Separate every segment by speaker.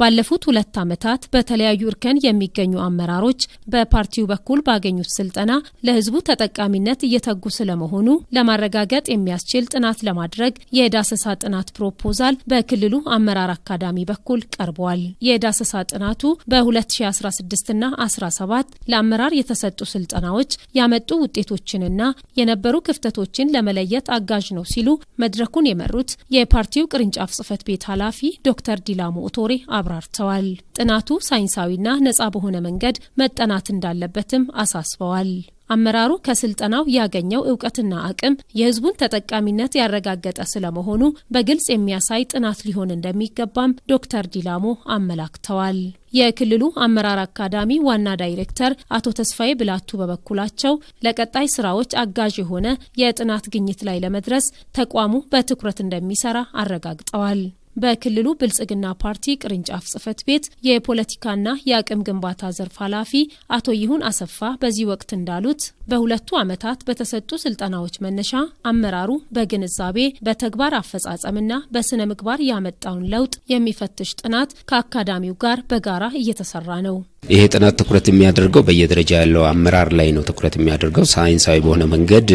Speaker 1: ባለፉት ሁለት ዓመታት በተለያዩ እርከን የሚገኙ አመራሮች በፓርቲው በኩል ባገኙት ስልጠና ለሕዝቡ ተጠቃሚነት እየተጉ ስለመሆኑ ለማረጋገጥ የሚያስችል ጥናት ለማድረግ የዳሰሳ ጥናት ፕሮፖዛል በክልሉ አመራር አካዳሚ በኩል ቀርቧል። የዳሰሳ ጥናቱ በ2016ና 17 ለአመራር የተሰጡ ስልጠናዎች ያመጡ ውጤቶችንና የነበሩ ክፍተቶችን ለመለየት አጋዥ ነው ሲሉ መድረኩን የመሩት የፓርቲው ቅርንጫፍ ጽህፈት ቤት ኃላፊ ዶክተር ዲላሞ ኦቶሬ አብራርተዋል። ጥናቱ ሳይንሳዊና ነጻ በሆነ መንገድ መጠናት እንዳለበትም አሳስበዋል። አመራሩ ከስልጠናው ያገኘው እውቀትና አቅም የሕዝቡን ተጠቃሚነት ያረጋገጠ ስለመሆኑ በግልጽ የሚያሳይ ጥናት ሊሆን እንደሚገባም ዶክተር ዲላሞ አመላክተዋል። የክልሉ አመራር አካዳሚ ዋና ዳይሬክተር አቶ ተስፋዬ ብላቱ በበኩላቸው ለቀጣይ ስራዎች አጋዥ የሆነ የጥናት ግኝት ላይ ለመድረስ ተቋሙ በትኩረት እንደሚሰራ አረጋግጠዋል። በክልሉ ብልጽግና ፓርቲ ቅርንጫፍ ጽህፈት ቤት የፖለቲካና የአቅም ግንባታ ዘርፍ ኃላፊ አቶ ይሁን አሰፋ በዚህ ወቅት እንዳሉት በሁለቱ ዓመታት በተሰጡ ስልጠናዎች መነሻ አመራሩ በግንዛቤ በተግባር አፈጻጸምና በስነ ምግባር ያመጣውን ለውጥ የሚፈትሽ ጥናት ከአካዳሚው ጋር በጋራ እየተሰራ ነው።
Speaker 2: ይሄ ጥናት ትኩረት የሚያደርገው በየደረጃ ያለው አመራር ላይ ነው። ትኩረት የሚያደርገው ሳይንሳዊ በሆነ መንገድ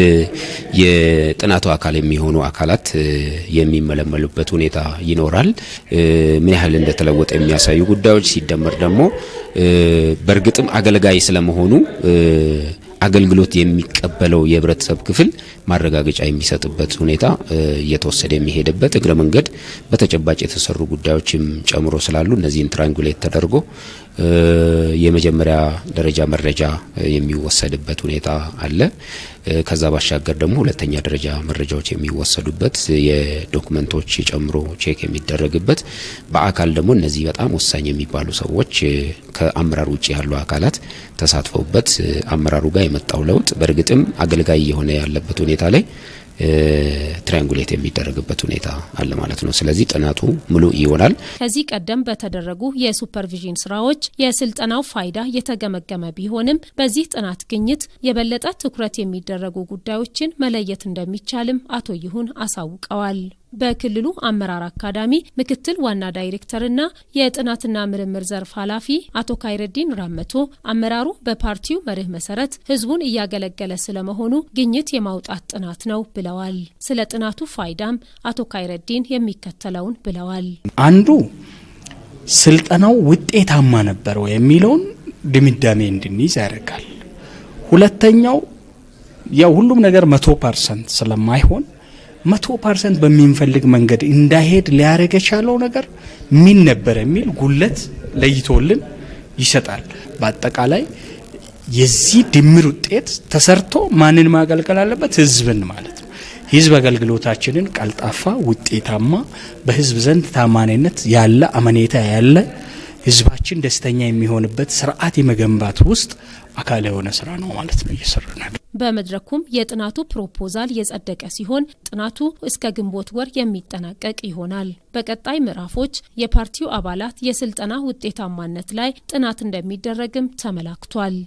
Speaker 2: የጥናቱ አካል የሚሆኑ አካላት የሚመለመሉበት ሁኔታ ይኖራል። ምን ያህል እንደተለወጠ የሚያሳዩ ጉዳዮች ሲደመር ደግሞ በእርግጥም አገልጋይ ስለመሆኑ አገልግሎት የሚቀበለው የህብረተሰብ ክፍል ማረጋገጫ የሚሰጥበት ሁኔታ እየተወሰደ የሚሄድበት እግረ መንገድ በተጨባጭ የተሰሩ ጉዳዮችም ጨምሮ ስላሉ እነዚህን ትራንጉሌት ተደርጎ የመጀመሪያ ደረጃ መረጃ የሚወሰድበት ሁኔታ አለ። ከዛ ባሻገር ደግሞ ሁለተኛ ደረጃ መረጃዎች የሚወሰዱበት የዶክመንቶች ጨምሮ ቼክ የሚደረግበት በአካል ደግሞ እነዚህ በጣም ወሳኝ የሚባሉ ሰዎች ከአመራር ውጭ ያሉ አካላት ተሳትፈውበት አመራሩ ጋር የመጣው ለውጥ በእርግጥም አገልጋይ የሆነ ያለበት ሁኔታ ላይ ትሪያንጉሌት የሚደረግበት ሁኔታ አለ ማለት ነው። ስለዚህ ጥናቱ ሙሉ ይሆናል።
Speaker 1: ከዚህ ቀደም በተደረጉ የሱፐርቪዥን ስራዎች የስልጠናው ፋይዳ የተገመገመ ቢሆንም በዚህ ጥናት ግኝት የበለጠ ትኩረት የሚደረጉ ጉዳዮችን መለየት እንደሚቻልም አቶ ይሁን አሳውቀዋል። በክልሉ አመራር አካዳሚ ምክትል ዋና ዳይሬክተርና የጥናትና ምርምር ዘርፍ ኃላፊ አቶ ካይረዲን ራመቶ አመራሩ በፓርቲው መርህ መሰረት ህዝቡን እያገለገለ ስለመሆኑ ግኝት የማውጣት ጥናት ነው ብለዋል። ስለ ጥናቱ ፋይዳም አቶ ካይረዲን የሚከተለውን ብለዋል።
Speaker 3: አንዱ ስልጠናው ውጤታማ ነበረው የሚለውን ድምዳሜ እንድንይዝ ያደርጋል። ሁለተኛው ያው ሁሉም ነገር መቶ ፐርሰንት ስለማይሆን መቶ ፐርሰንት በሚንፈልግ መንገድ እንዳይሄድ ሊያደረገ የቻለው ነገር ምን ነበር የሚል ጉለት ለይቶልን ይሰጣል። በአጠቃላይ የዚህ ድምር ውጤት ተሰርቶ ማንን ማገልገል አለበት? ህዝብን ማለት ነው። ህዝብ አገልግሎታችንን ቀልጣፋ፣ ውጤታማ፣ በህዝብ ዘንድ ታማኝነት ያለ አመኔታ ያለ ህዝባችን ደስተኛ የሚሆንበት ስርዓት የመገንባት ውስጥ አካል የሆነ ስራ ነው ማለት ነው ነው።
Speaker 1: በመድረኩም የጥናቱ ፕሮፖዛል የጸደቀ ሲሆን ጥናቱ እስከ ግንቦት ወር የሚጠናቀቅ ይሆናል። በቀጣይ ምዕራፎች የፓርቲው አባላት የስልጠና ውጤታማነት ላይ ጥናት እንደሚደረግም ተመላክቷል።